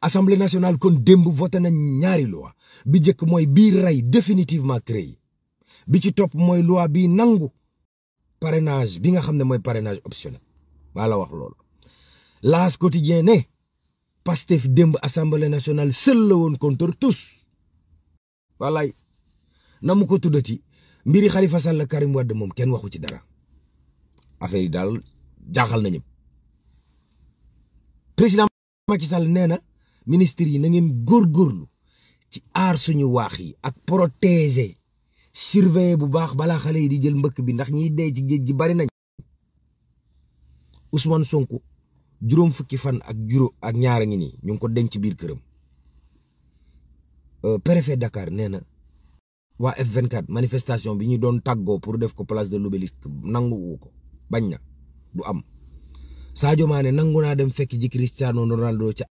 assemblée nationale kon démb voté na ñaari loi bi njëkk mooy bii rey définitivement CREI bi ci topp mooy loi bi nangu parenage bi nga xam ne mooy parrainage optionnel maa la wax loolu laas quotidien ne Pastef démb assemblée nationale seul la woon contre tous wallaay na mu ko tuddati mbiri Khalifa Sall Karim Wade moom kenn waxu ci dara affaire yi daal jaaxal na ñëpp président Macky Sall nee ministre yi na ngeen góorgóorlu ci aar suñu waax yi ak protéger surveiller bu baax balaa xale yi di jël mbëkk bi ndax ñiy dee ci géej gi bari nañ Ousmane Sonko juróom fukki fan ak juróom ak ñaara ngi nii ñu ngi ko denc biir këram euh, préfet Dakar nee na waa F24 manifestation bi ñu doon tàggoo pour def ko place de l'Obélisque nanguwu ko bañ na du am Sadio Mané nangu naa dem fekk ji Cristiano Ronaldo ca